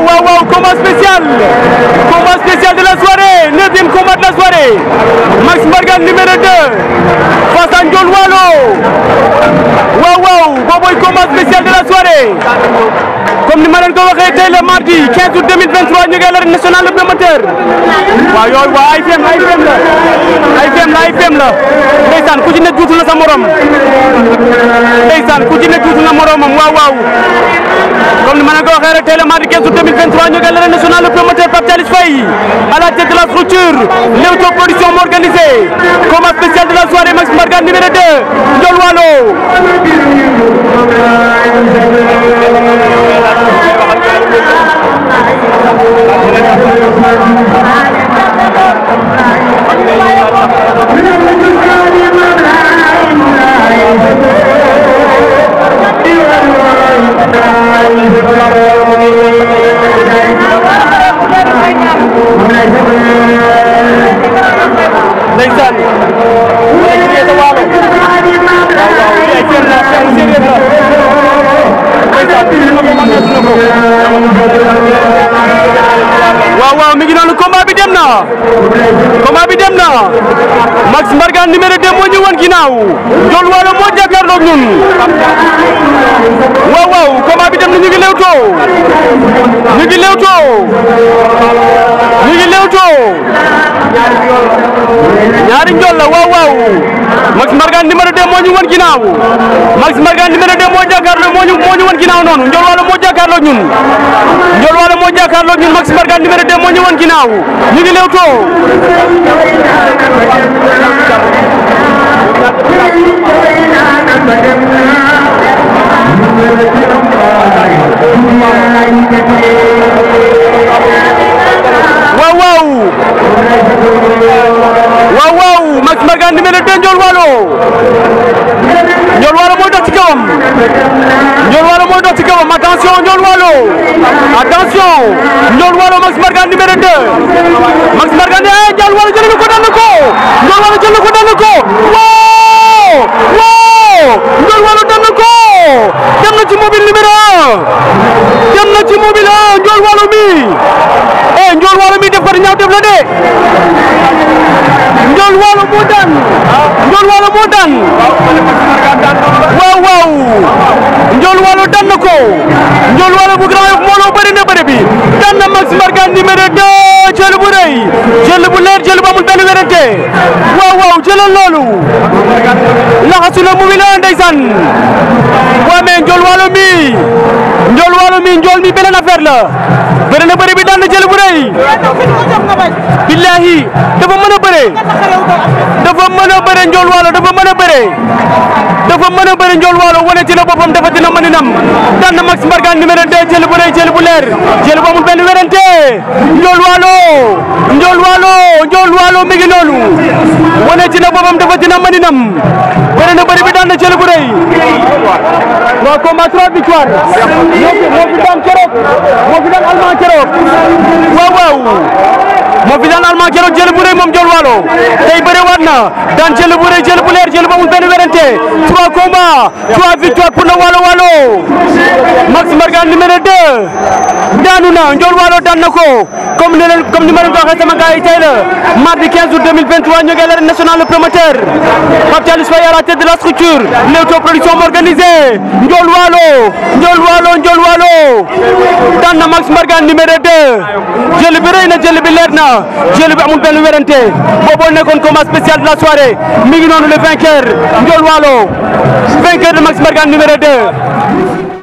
waaw waaw waaw combat spécial combat de la soirée neuvième combat de la soirée Max Mbargane numéro 2 face à Ndiol Walo waaw waaw booboy combat spécial de la soirée comme ni ma leen ko waxee tey le mardi 15 août 2023 ñu ngi l'arène nationale le promoteur waaw yooyu waaw ay fem la ay fem la ay fem la ay fem la ndeysaan ku ci ne juutu na sa morom ndeysaan ku ci ne juutu na moromam waaw waaw waxee rek tey le mardi de 2023 nous ngi national le promoteur Pape Faye à la tête de la structure nous production organisés. comme combat spécial de la soirée Max morgan numéro 2 combat bi dem na combat bi dem na Max Mbargane numéro 2 moo ñu woon ginnaaw Ndiol Walo moo jàkkaarloog ñun waaw waaw combat bi dem na ñu ngi lewtoo ñu ngi lewtoo ñu ngi lewtoo ñaari njool la waaw waaw Max Mbargane numéro 2 moo ñu woon ginnaaw Max Mbargane numéro 2 moo jàkkaarloo moo ñu moo ñu woon ginnaaw noonu Ndiol Walo moo jàkkaarloog ñun. jàkkaarloo ñun Max Mbargane numéro 2 moo ñëwoon ginnaaw ñu ngi Leewtoo waaw waaw waaw waaw Max Mbargane numéro 2 Ndiol Walo Ndiol Walo mooy dox ci kawam Ndiol Walo mooy Walo attention Ndiol Walo Max Mbargane numéro 2 Max Mbargane eh Ndiol Walo jël na Walo jël na ko daan na ko waaw waaw Ndiol Walo daan na ko dem na ci mobile numéro 1 dem na Walo mi eh Ndiol Walo mi def ko ñaaw def de Ndiol Walo moo daan jël leer jël bu amul benn werante waaw waaw jëlal loolu laxasu mu ngi noonu ndeysaan waaw mais njool waalo mi njool waalo mi njool mi la bëri na bëri bi daan na jël bu rëy billahi dafa mën a bëre dafa mën a bëre njool waalo na boppam dafa dina mën a nam daan na Max Mbargane numéro 2 jël bu rëy jël bu leer jël bu amul benn werante Ndiol Waalo Ndiol Waalo Ndiol Waalo mi ngi noonu wane ci na boppam dafa dina maninam bëri na bëri bi daan na jël bu moom fi daan Allemand keroog moom Ndiol Walo tey bëre waat na daan jël bu rëy jël bu leer benn werante trois combats trois victoires na Walo Walo Max Mbargane numéro 2 daanu na Ndiol Walo daan na ko comme ni leen comme ni ma leen ko la mardi 15 août 2023 ñu ngi l'arène nationale le promoteur Pape Thialis Faye de la structure l'auto production organisée Ndiol Walo Walo Ndiol Walo daan na Max Mbargane numéro 2 jël bi rëy na jël bi leer na jël bi amul benn werante booboo nekkoon combat spécial de la soirée mi ngi noonu le vainqueur Ndiol Walo vainqueur de Max Mbargane numéro 2